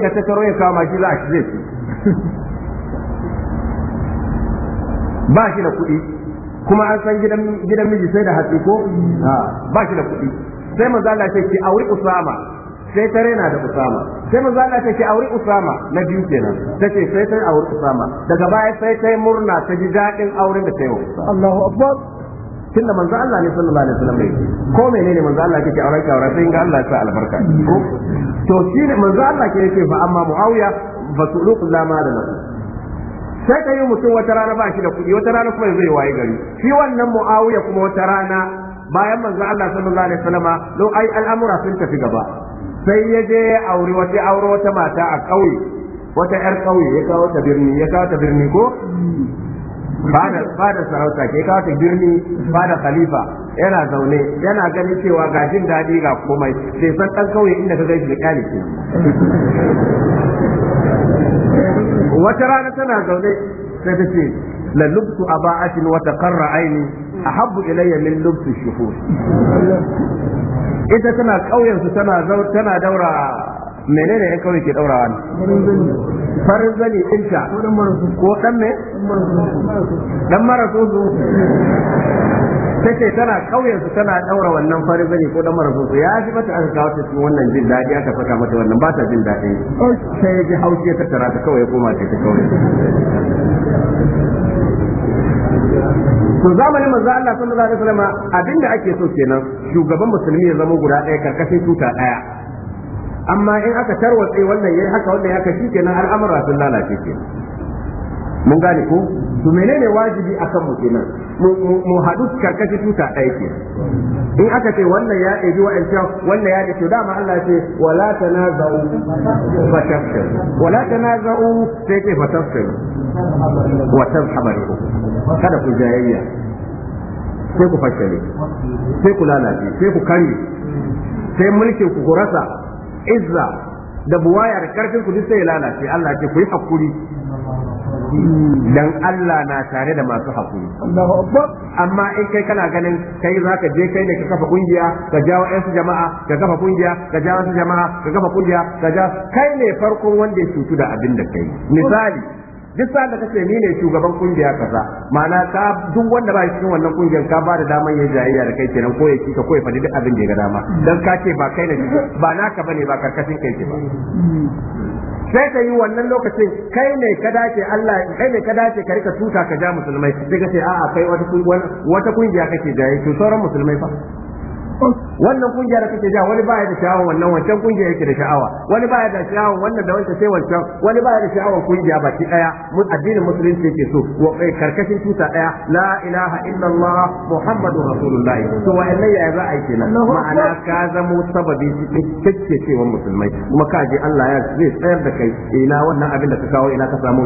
ka tattaro ya kama shi za a zai ba shi da kuɗi kuma an san gidan miji sai da hatsi ko ba shi da kuɗi sai maza Allah ce ki auri Usama sai ta rena da Usama sai maza Allah ce ki auri Usama na biyu kenan tace sai ta auri Usama daga baya sai ta murna ta ji daɗin auren da ta yi wa Usama Allahu Akbar tunda manzo Allah ne sallallahu alaihi wasallam yake ko menene manzo Allah yake aure ka aure sai ga Allah ya sa albarka ko to shine manzo Allah ke yake fa amma Muawiya fa suluq la ma da nasu sai kai mutum wata rana ba shi da kuɗi wata rana kuma zai waye gari shi wannan Muawiya kuma wata rana bayan manzo Allah sallallahu alaihi wasallam lo ai al'amura sun tafi gaba sai ya je aure wata aure wata mata a ƙauye wata 'yar ƙauye ya kawo ta birni ya kawo ta birni ko ba da sarauta ke kawata birni ba da khalifa yana zaune yana ganin cewa ga jin daɗi ga komai sai san ɗan kauye inda ka gaji da kyale ke wata rana tana zaune sai ta ce la lubtu aba'atin wa taqarra aini ahabbu ilayya min lubtu shuhur ita tana kauyen tana tana daura menene ya kauye ke daurawa ne farin zane ko dan me Dan marasu su ta ce tana kauyen su tana ɗaura wannan farin ko dan marasu su ya ji mata an kawo ta cikin wannan jin daɗi aka saka mata wannan ba ta jin daɗi sai ji haushi ta tara ta kawai ya koma ta ta kauye to zamanin manzo Allah sallallahu alaihi wasallam abinda ake so kenan shugaban musulmi ya zama guda ɗaya karkashin tuta ɗaya amma in aka tarwatse wannan yayi haka wannan ya kashi kenan al'amura sun lalace ke, mun gane ko to menene wajibi akan mu kenan mu hadu karkashin tuta ɗaya ke in aka ce wannan ya ɗebi wa'ancan wannan ya ɗebi dama Allah ce wala tanaza'u fatafsir wala tanaza'u sai ce fatafsir wa tazhabarikum kada ku jayayya sai ku fashale sai ku lalace sai ku kare sai mulkin ku rasa izza da buwaya da karfin ku duk sai ya lalace Allah ku yi hakuri dan Allah na tare da masu hakuri amma in kai kana ganin kai zaka je kai ne ka kafa kungiya ka jawo ƴan jama'a ka kafa kungiya ka jawo jama'a ka kafa kungiya ka ja kai ne farkon wanda ya cutu da abin da kai misali duk sa da kace ni ne shugaban kungiya kaza ma'ana ka duk wanda ba cikin wannan kungiyar ka ba da daman ya jayayya da kai kenan ko ya kika ko ya fadi duk abin da ya ga dama dan ka ce ba kai ne ba naka bane ba karkashin kai ke ba sai ka yi wannan lokacin kai ne ka dace Allah kai ne ka dace ka rika tuta ka ja musulmai sai ka ce a'a kai wata wata kungiya kake jaye to sauran musulmai fa wannan kungiya da kake ja wani baya da sha'awa wannan wancan kungiya yake da sha'awa wani baya da sha'awa wannan da wancan sai wancan wani baya da sha'awa kungiya baki daya mun addinin musulunci yake so wa eh, karkashin tuta daya la ilaha illallah muhammadur rasulullah to wa annai ya za a yi kenan ma'ana ka zamo sababi kike cewa musulmai kuma ka je Allah ya zai tsayar da kai ina wannan abin da ka kawo ina ka samu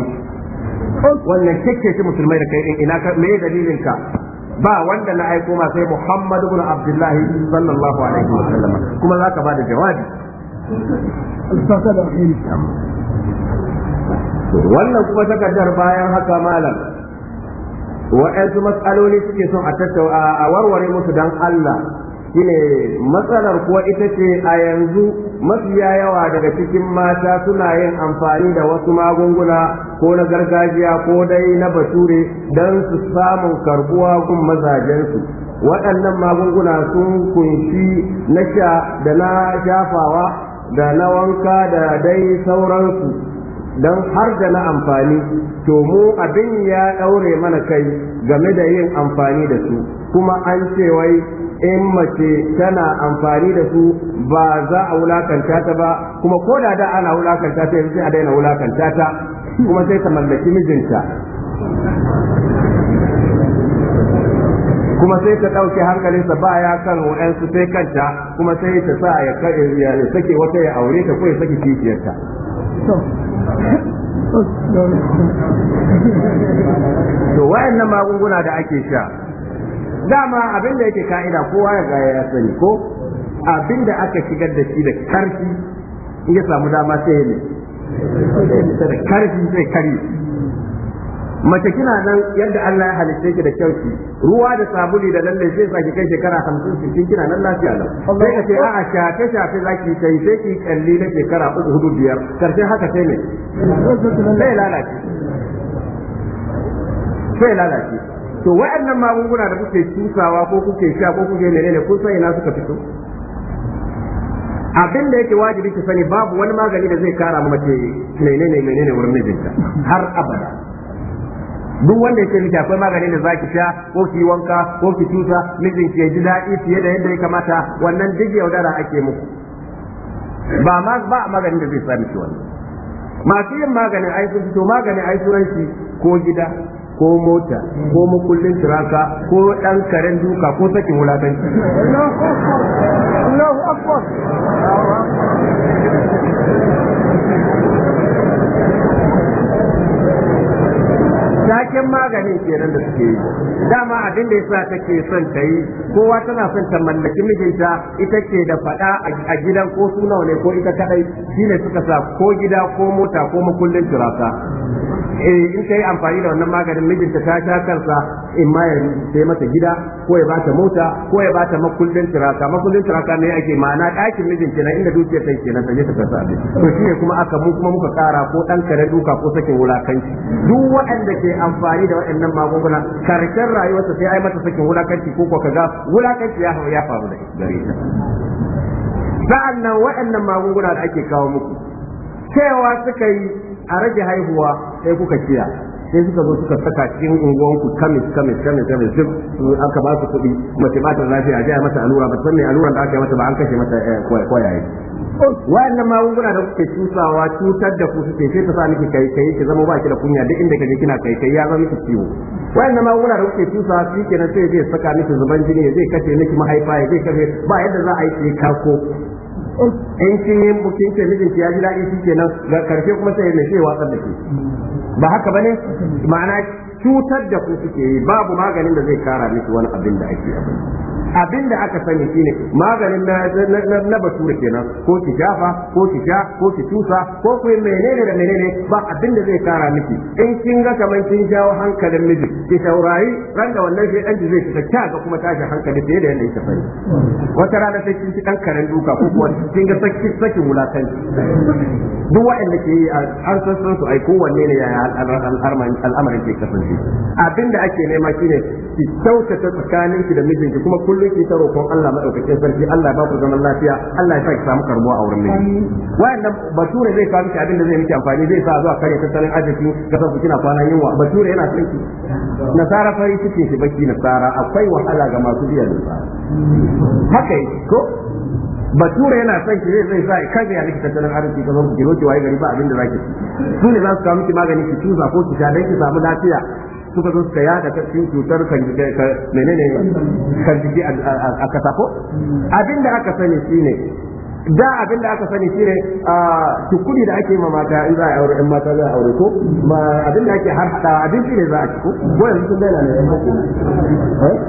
wannan kike musulmai da kai ina ka me dalilin ka ba wanda na aiko ma sai Muhammad ibn Abdullah sallallahu alaihi wasallam kuma zaka bada jawabi wannan kuma takardar bayan haka malam wa'yansu matsaloli suke son a tattauna a warware musu dan Allah shine matsalar kuwa ita ce a yanzu mafiya yawa daga cikin mata suna yin amfani da wasu magunguna ko na gargajiya ko dai na bature don su samun karbuwa gun mazajensu waɗannan magunguna sun kunshi na sha da na shafawa da na wanka da dai sauransu don har da na amfani to mu abin ya ɗaure mana kai game da yin amfani da su kuma an ce wai in mace tana amfani da su ba za a wulakanta ta ba kuma ko da da ana wulakanta ta yanzu a daina wulakanta ta kuma sai ta mallaki mijinta kuma sai ta ɗauke hankalinsa ya kan wa'yansu sai kanta kuma sai ta sa ya sake wata ya aure ta ko ya sake kishiyarta to nan magunguna da ake sha dama abin da yake ka'ida kowa ya gaya ya sani ko abin da aka shigar da shi da karfi in ya samu dama sai ne da karfi sai kari mace kina nan yadda Allah ya halitta ki da kyauti, ruwa da sabuli da lalle sai saki kai shekara 50 60 kina nan lafiya lau sai ka ce a a shafe shafe zaki kai sai ki kalli na shekara 3 hudu biyar karshe haka sai ne sai lalace sai lalace to wa'annan magunguna da kuke tusawa ko kuke sha ko kuke menene kun san ina suka fito abin da yake wajibi ki sani babu wani magani da zai kara mace menene menene wurin mijinta har abada duk wanda yake miki akwai maganin da zaki sha ko ki wanka ko ki tuta mijin ki ji daɗi fiye da yadda ya kamata wannan duk yaudara ake muku ba ma ba maganin da zai sa miki wannan masu yin maganin ai sun fito maganin ai turanci ko gida ko mota ko makullin tiraka ko ɗan karen duka ko sakin wulakanci Allahu akbar taken maganin kenan da suke yi dama abin da yasa take son ta yi kowa tana son ta mallaki mijinta ita ke da fada a gidan ko suna ne ko ita kadai shine suka sa ko gida ko mota ko makullin turasa. eh in ta yi amfani da wannan maganin mijinta ta sha kansa in ma ya sai mata gida ko ya bata mota ko ya bata makullin tiraka makullin tiraka ne ake ma'ana ɗakin mijin kenan inda dukiyar kai kenan ta ta kasa abin to shine kuma aka mu kuma muka kara ko dan kare duka ko sakin wulakanci duk waɗanda ke amfani da waɗannan magunguna karshen rayuwarsa sai ai mata sakin wulakanci ko ko kaga wulakanci ya ya faru da gare ta sa'annan waɗannan magunguna da ake kawo muku cewa suka yi a rage haihuwa sai kuka kiya sai suka zo suka saka cikin unguwanku kamis kamis kamis kamis duk aka ba su kuɗi mace ba ta lafiya a mata allura ba san me alura da aka yi mata ba an kashe mata eh, kwayaye wa'annan magunguna da kuke tusawa cutar da ku suke sai ta sa miki kai kai ki zama ba ki da kunya duk inda kaje kina kai kai ya zama miki ciwo wa'annan magunguna da kuke tusawa shi kenan sai zai saka miki zuban jini zai kashe miki mahaifa zai kashe ba yadda za a yi ka ko in kin yi bukin ke mijin ya ji daɗi nan ga karfe kuma sai mai watsar da ke ba haka bane ma'ana cutar da ku suke yi babu maganin da zai kara miki wani abin da ake abin abin da aka sani ne maganin na bature kenan ko ki jafa ko ki ja, ko ki tusa ko ku menene da menene ba abin da zai kara miki in kin ga kaman kin jawo hankalin miji ki saurayi ran da wannan shi danki zai fita ta ga kuma tashi hankali fiye da yadda yake fari wata rana sai kin ci dan karen duka ko kuma kin ga sakin sakin wulakanci duk waɗanda ke yi an san san su ai kowanne ne yaya al'amarin ke kasance abin da ake nema shine ki kyautata tsakaninki da mijinki kuma kullum kullum ki ta roƙon Allah madaukakin sarki Allah ba ku zaman lafiya Allah ya sa ki samu karbuwa a wurin miji wayannan bature zai kawo miki abin da zai miki amfani zai sa zuwa kare tattalin arziki ka san ku kina kwana yunwa bature yana son ki nasara fari cikin shi baki nasara akwai wahala ga masu biyan nasara haka ko bature yana son ki zai sa kaje ya miki tattalin arziki ka zo ki roki waye gari ba abin da zaki su ne za su kawo miki magani ki tuza ko ki sha dan ki samu lafiya suka zo suka yada ta cikin cutar menene kan a kasafo abin da aka sani shine da abin da aka sani shine a tukuri da ake ma mata in za a aure in mata za a aure ko ma abin da ake har hada abinci ne za a ci ko wannan sun daina ne eh?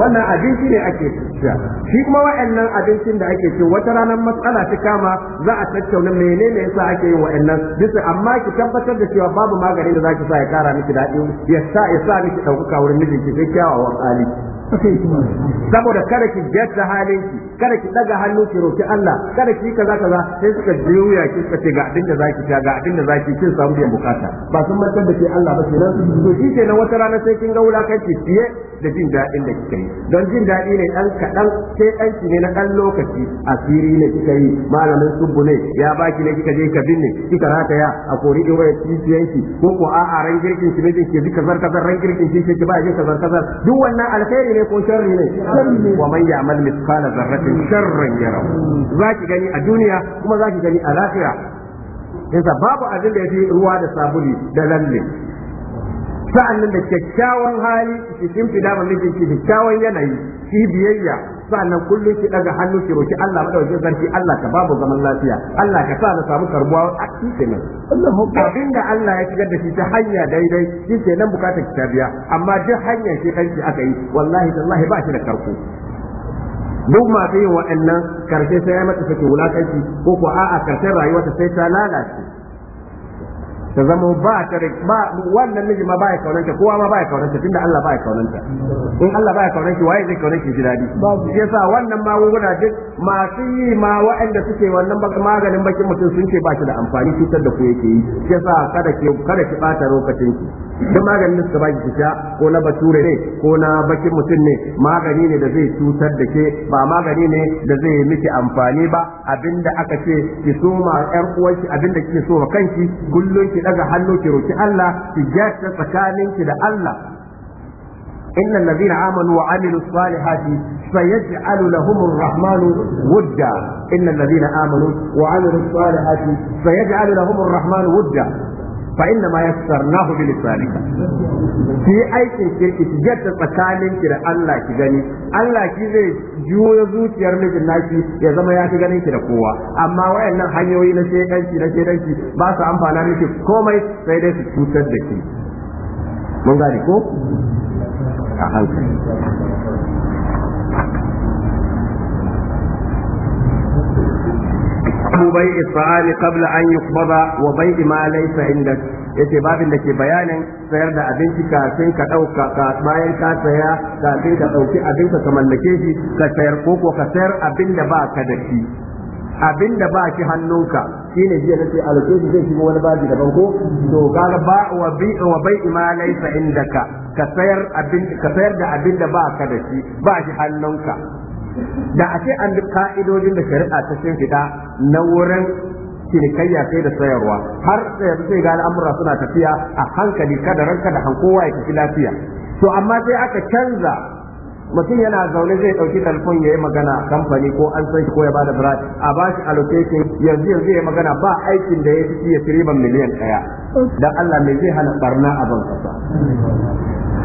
wannan abinci ne ake sha shi kuma wa'annan abincin da ake ci wata ranar matsala ta kama za a tattauna menene yasa ake yin wa'annan bisa amma ki tabbatar da cewa babu magani da zaki sa ya kara miki daɗi ya sa ya sa miki ɗaukaka wurin mijinki sai kyawawan hali saboda kada ki jatta halin ki kada ki daga hannu ki roki Allah kada ki kaza kaza sai suka juya ki suka ce ga abin da zaki ta ga abin da zaki kin samu biyan bukata ba sun mantar da ke Allah ba kenan to shi nan wata rana sai kin ga wulakanci fiye da jin daɗin da kika yi don jin daɗi ne dan kaɗan sai dan ne na ɗan lokaci asiri ne kika yi malamin subbu ne ya baki ne kika je ka binne kika rataya a kori ɗin waya tisiyanki ko ko a'a ran girkin ki ne ki bi kazar kazar ran girkin ki ki ba kazar kazar duk wannan alkhairi ne ko sharri ne wa man ya'mal mithqala dharratin sharran yara zaki gani a duniya kuma zaki gani a lafiya. yasa babu abin da yafi ruwa da sabuli da lalle sa'an da kyakkyawan hali ki shimfida cikin kyakkyawan yanayi shi biyayya sannan kullum ki daga hannu ki roki Allah madaukakin sarki Allah ka babu zaman lafiya Allah ka sa na samu karbuwa a cikin Allahu abinda Allah ya shigar da shi ta hanya daidai ke nan bukatar ki tabiya amma duk hanya shi kanki aka yi wallahi tallahi ba shi da karko duk masu yin waɗannan karshe sai ya mata sake wulakanci ko ko a'a karshen rayuwarta sai ta lalace ta zama ba ta ba wannan miji ma ba ya kaunanta kowa ma ba ya kaunanta tunda Allah ba ya kaunanta in Allah ba ya kaunanta waye zai kaunanta ji dadi shi yasa wannan magunguna duk masu yi ma waɗanda suke wannan maganin bakin mutum sun ce ba shi da amfani cutar da ku yake yi shi yasa kada ki kada ki bata lokacin ki duk maganin da suka ba ki sha ko na bature ne ko na bakin mutum ne magani ne da zai cutar da ke ba magani ne da zai miki amfani ba abinda aka ce ki ma ƴan uwanki abinda kike so kanki kullun ki daga hannu ki roki Allah ki jasta tsakanin ki da Allah inna allazina amanu wa amilu salihati sayaj'al lahum arrahman wudda inna allazina amanu wa amilu salihati sayaj'al lahum arrahman wudda fa inna ma yassarnahu bi lisanika ki aikin kirki ki jatta tsakanin ki da Allah ki gani Allah ki zai juyo zuciyar mijin naki ya zama ya fi ganin ki da kowa amma wayannan hanyoyi na shedanci na shedanci ba su amfana miki komai sai dai su cutar da ki mun gane ko a hankali باب بيع isa'ani قبل an يقبض وبيع ما ليس عندك indak yace babin da ke bayanin sayar da abinci kafin ka dauka ka bayan ka saya kafin ka dauki abin ka mallake shi ka sayar ko ko ka sayar abin da ba ka da shi abin da ba shi hannunka shine jiya nace a lokaci zai shigo wani babi daban ko to ga ba wa bi wa bai ma laysa indaka ka sayar abin ka sayar da abin da ba ka da shi ba shi hannunka da a ce an duk ka'idodin da shari'a ta sun fita na wurin cinikayya sai da sayarwa har yanzu sai ga al'amura suna tafiya a hankali kada ranka da hankowa ya tafi lafiya to amma sai aka canza mutum yana zaune zai ɗauki talfon ya yi magana a kamfani ko an san shi ko ya bada brad a ba shi allocation yanzu yanzu ya magana ba aikin da ya fi siya tiriban miliyan ɗaya don Allah mai zai hana barna a ban kasa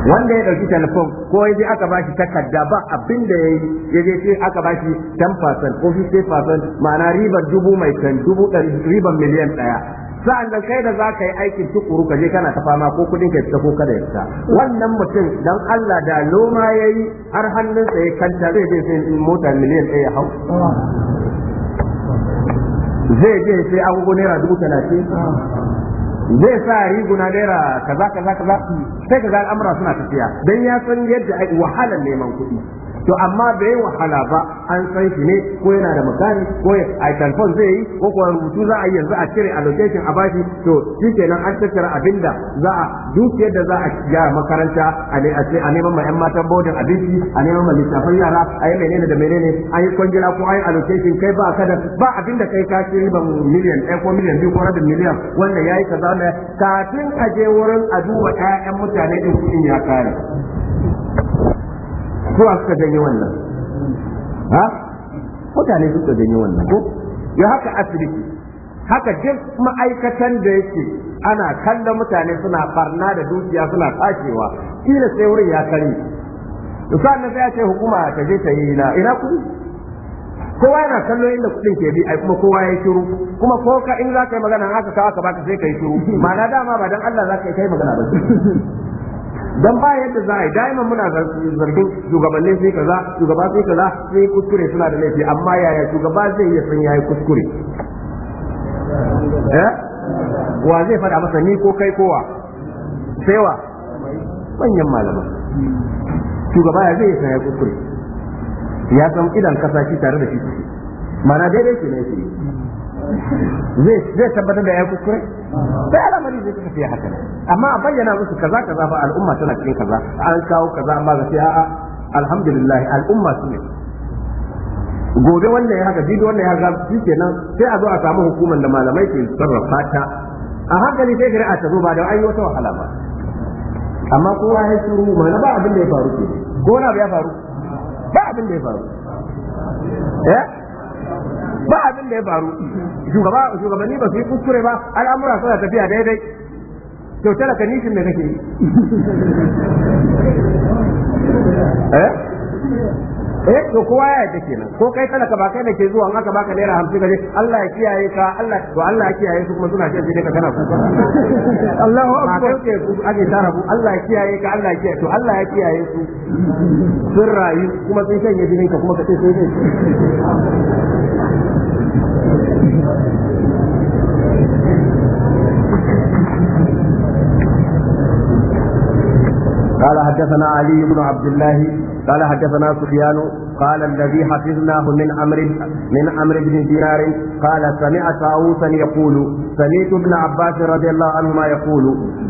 wanda ya dauki telefon ko ya je aka bashi takarda ba abin da yi ya je sai aka bashi 10% ko 50% ma'ana ribar dubu mai kan dubu ribar miliyan ɗaya. sa'an da kai da za ka yi aikin tukuru ka je kana ta fama ko kudin ka fita ko kada ya fita wannan mutum dan Allah da noma yayi har hannunsa ya kanta zai je sai mota miliyan daya hau zai je sai agogo naira dubu talatin zai sa riguna naira kaza kaza kaza sai kaza al'amura suna tafiya dan ya san yadda ai wahalar neman kuɗi to amma bai wahala ba an san shi ne ko yana da makani ko a telefon zai yi ko kuwa rubutu za a yi yanzu a cire location a bashi to shi kenan an tattara abinda za a duke da za a gyara makaranta a neman ma 'yan matan bodin abinci a neman ma littafan yara a yi menene da menene a yi kwangila ko a yi allocation kai ba a kada ba abinda kai ka ci riban miliyan ɗaya ko miliyan biyu ko rabin miliyan wanda ya yi kaza wasallam kafin a je wurin a duba ƴaƴan mutane din kuɗin ya kare ko a suka janye wannan ha mutane suka janye wannan ko ya haka asibiti haka duk ma'aikatan da yake ana kallon mutane suna farna da dukiya suna kashewa kila sai wurin ya kare to sannan sai ya ce hukuma ta je ta yi na ina ku? kowa yana kallo inda kuɗin ke bi ai kuma kowa ya shiru kuma ko ka in za ka yi magana haka ka aka baka sai ka yi shiru ma'ana dama ba dan Allah za ka yi kai magana ba dan ba yadda za a yi daiman muna zargin shugabannin sai kaza shugaba sai kaza sai kuskure suna da laifi amma yaya shugaba zai iya san yayi kuskure eh wa zai faɗa masa ni ko kai kowa sai wa manyan malaman shugaba ya zai iya san yayi kuskure ya san idan kasa shi tare da shi suke mana daidai ke ne yake zai tabbatar da ya kuskure sai alamari zai ta tafiya haka amma a bayyana musu kaza kaza ba al'umma tana cikin kaza an kawo kaza amma ga sai a'a alhamdulillah al'umma su ne gobe wannan ya haka jibi wannan ya haka shi kenan sai a zo a samu hukumar da malamai ke sarrafa ta a hankali sai shari'a ta zo ba da ayi wata wahala ba amma kowa ya shiru ma ba abin da ya faru ke gona na ya faru abin da ya faru eh? ba abin da ya faru shugabanni ba su yi kuskure ba al'amura suna tafiya daidai kyautar da kanishin da kake yi eh? eh to kowa ya yadda kenan ko kai talaka ba kai da ke zuwa aka baka naira hamsin kaje Allah ya kiyaye ka Allah to Allah ya kiyaye su kuma suna shan sai ka kana kuka Allahu akbar ke ku ake tarabu Allah ya kiyaye ka Allah ya kiyaye to Allah ya kiyaye su sun rayu kuma sun shanye jinin ka kuma ka ce sai ne حدثنا علي بن عبد الله قال حدثنا سفيان قال الذي حفظناه من أمر من أمر بن دينار قال سمع طاووسا يقول سمعت ابن عباس رضي الله عنهما يقول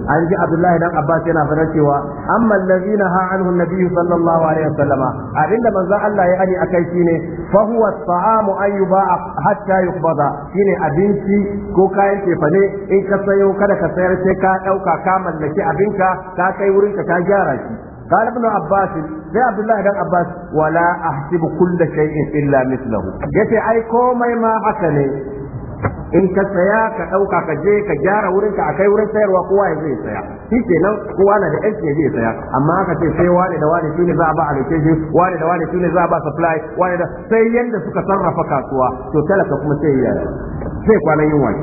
عن عبد الله بن عباس نافرته أما الذي نهى عنه النبي صلى الله عليه وسلم أبن من ذا الله يعني أكيسيني فهو الطعام أن يباع حتى يقبض شيني أبنتي كوكاين كيفني إن كسيو كذا كسير سيكا أو كاكا ملكي أبنكا كاكا يورنكا كاجارا قال ابن عباس يا عبد الله بن عباس ولا احسب كل شيء الا مثله yace ai komai ma haka in ka saya ka ɗauka ka je ka gyara wurin ka akai wurin sayarwa kowa ya zai saya shi kenan nan kowa na da yanci ya zai saya amma aka ce sai wani da wani shine za a ba allocation wani da wani shine za a ba supply wani da sai yanda suka sarrafa kasuwa to talaka kuma sai ya sai kwanan yin wani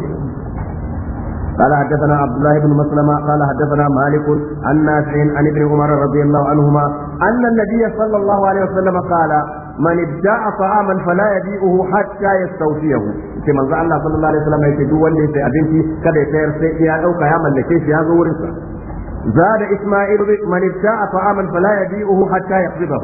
قال حدثنا عبد الله بن مسلمة قال حدثنا مالك عن نافع عن ابن عمر رضي الله عنهما أن النبي صلى الله عليه وسلم قال من ادعى طعاما فلا يبيعه حتى يستوفيه sai manzo Allah sallallahu alaihi wasallam yake duk wanda yake abinci kada ya sayar sai ya dauka ya mallake shi ya zo wurin sa zada isma'il man ادعى طعاما فلا يبيعه حتى يقبضه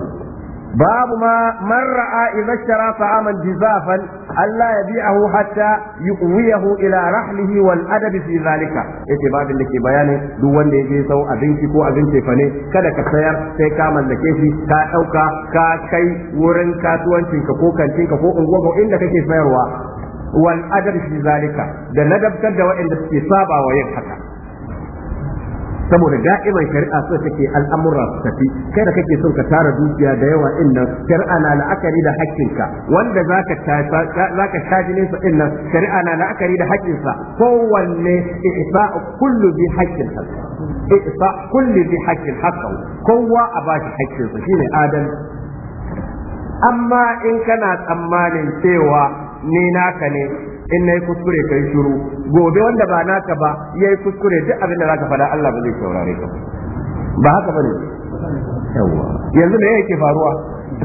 babu ma man ra'a idza ta'aman jizafan Allah ya bi'ahu hatta yuqwiyahu ila rahlihi wal adabi fi zalika yace babin da ke bayanin duk wanda ya je sau abinci ko abin cefane kada ka sayar sai ka mallake shi ka dauka ka kai wurin kasuwancinka ko kantinka ko unguwa inda kake sayarwa wal adabi fi zalika da ladabtar da waɗanda suke sabawa yin haka saboda da'iman shari'a so take al'amura su tafi kai da kake son ka tara dukiya da yawa din nan shari'a na la'akari da haƙƙinka wanda zaka zaka shaji ne su din nan shari'a na la'akari da haƙƙinsa kowanne ihsa'u kullu bi haqqin haqqi ihsa kullu bi haqqin haqqi kowa a bashi haƙƙinsa ne adal amma in kana tsammanin cewa ni naka ne in na yi kuskure kai shiru gobe wanda ba naka ba yi kuskure duk abin da zaka faɗa Allah ba zai saurare ka ba haka ba ne. yanzu me yake faruwa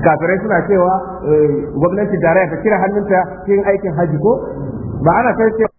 kafirai suna cewa eh, gwamnati tarayya ta kira hannunta cikin aikin haji ko ba ana kai cewa